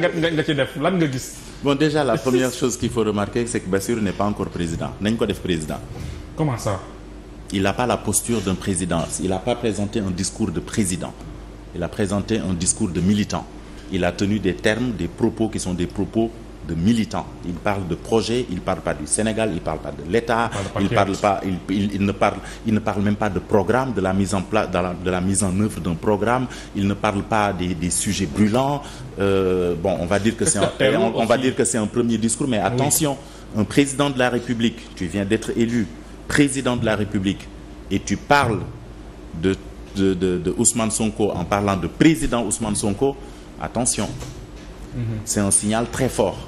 nga nga ci def lan nga gis. bon déjà la première chose qu'il faut remarquer c'est que Bassirou n'est pas encore président nañ def président. comment ça. il n'a pas la posture d'un président il n'a pas présenté un discours de président il a présenté un discours de militant il a tenu des termes des propos qui sont des propos de militants. Il parle de projet, il ne parle du Sénégal, il ne parle de l'État, il, ne parle, même pas de programme, de la mise en, place, de la, de la mise en œuvre d'un programme, il ne parle pas des, sujets brûlants. Euh, bon, on va dire que c'est un, on, on, va dire que c'est un premier discours, mais attention, oui. un président de la République, tu viens d'être élu président de la République et tu parles de, de, de, de Ousmane Sonko en parlant de président Ousmane Sonko, attention, mhm. c'est un signal très fort.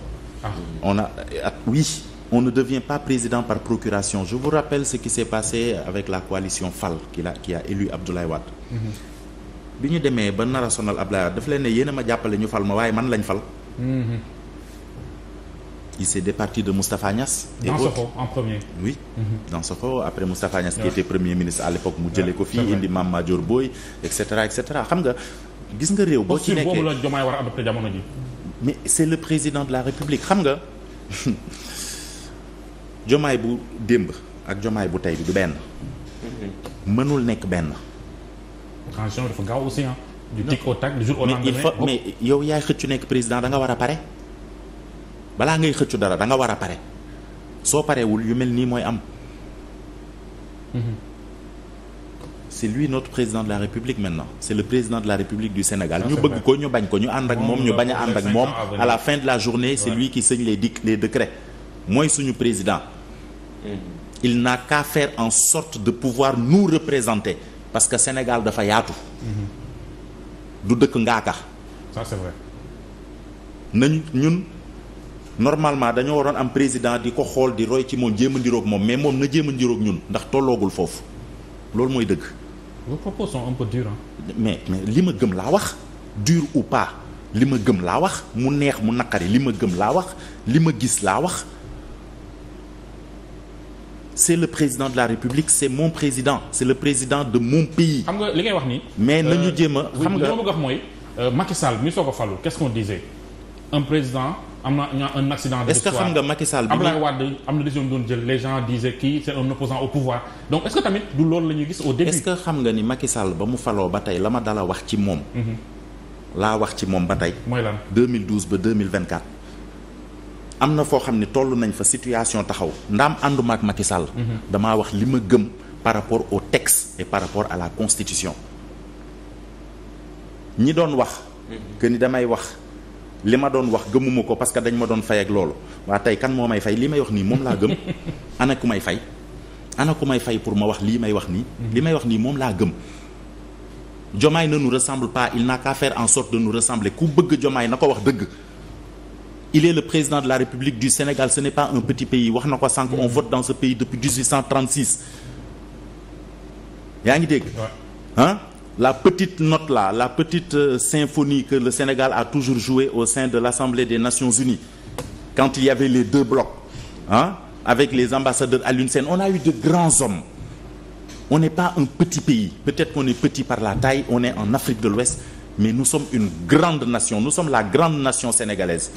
Ah. On a, ah, oui, on ne devient pas président par procuration. Je vous rappelle ce qui s'est passé avec la coalition FAL qui a, qui a élu Abdoulaye mm-hmm. bi ñu demee ba nar sonal Abdoulaye Wade leen ne yéen a ma jàppale ñu fal ma waaye man lañ fal. Mm-hmm. il s'est départi de Moustapha Niass. et Dansokho en premier. oui mm-hmm. Dansokho après Moustapha Niass. qui ah. était premier ministre à l'époque mu ah, jële ko fii indi Mame Madior Boye et cetera et cetera xam nga gis nga réew. boo ci nekkee a adopté jamono ji. mais c'est le président de la république xam nga jomaay bu démb ak jomaay bu tey bi du benn. Mhm. mënul nekk benn. attention dafa gaaw aussi ah. du mais il faut mais yow yaay xëccu nekk président danga war a pare balaa ngay xëccu dara da nga war a pare soo parewul yu mel nii mooy am. Mhm. c'est lui notre président de la République maintenant c'est le président de la République du Sénégal ñu bëgg ko ñu bañ ko ñu ànd ak moom ñu bañ a ànd ak moom à la fin de la journée c'est lui ki signe les di les décrets mooy suñu président mm-hmm. il n'a qu'à faire en sorte de pouvoir nous représenter parce que Sénégal dafa yaatu mm-hmm. du dëkk ngaaka ça nañ ñun normalement dañoo waroon am président di ko xool di roy ci moom jéem a ndiroog moom mais moom na jéem a ndiroog ndax tolloogul foofu loolu mooy dëgg vos propos sont un peu mais mais li ma gëm laa wax dur ou pas li ma gëm laa wax mu neex mu naqari li ma gëm laa wax li ma gis laa wax c'est le président de la république c'est mon président c'est le président de mon pays. xam nga li ngay wax nii. mais euh, nañu jéem a. xam nga li ma bëgg wax mooy euh, Macky Sall mi soo ko falu qu'est-ce qu'on disait un président. am na un accident de est-ce que xam nga Macky Sall bi na décision doon jël les gens disaient kii c'est un opposant au pouvoir donc la ñuy gis au ba mu faloo ba tey la ma dala wax ci moom mhm. laa wax ci moom ba tey mooy lan 2012 ba am na foo xam ne toll nañ fa situation taxaw ndaam ànduma ak Macky Sall mhm. damaa wax li ma gëm par rapport au texte par rapport à la constitution ñi doon wax mhm. que ni damay wax li ma doon wax gëmuma ko parce que dañ ma doon fay ak loolu waa tey kan moo may fay li may wax nii moom laa gëm ana ku may fay ana ku may fay pour ma wax lii may wax nii mhm. li may wax nii moom laa gëm Diomaye ne nous ressemble pas il n'a qu'à faire en sorte de nous ku bëgg Diomaye na ko wax dëgg il est le président de la République du Sénégal ce n'est pas un petit pays wax na ko sànq on mhm. vote dans ce pays depuis 1836 yaa ngi dégg la petite note là la petite euh, symphonie que le Sénégal a toujours jouée au sein de l'Assemblée des Nations Unies quand il y avait les deux blocs ah avec les ambassadeurs Alioune Sène on a eu de grands hommes on n'est pas un petit pays peut-être qu'on est petit par la taille on est en Afrique de l'Ouest mais nous sommes une grande nation nous sommes la grande nation sénégalaise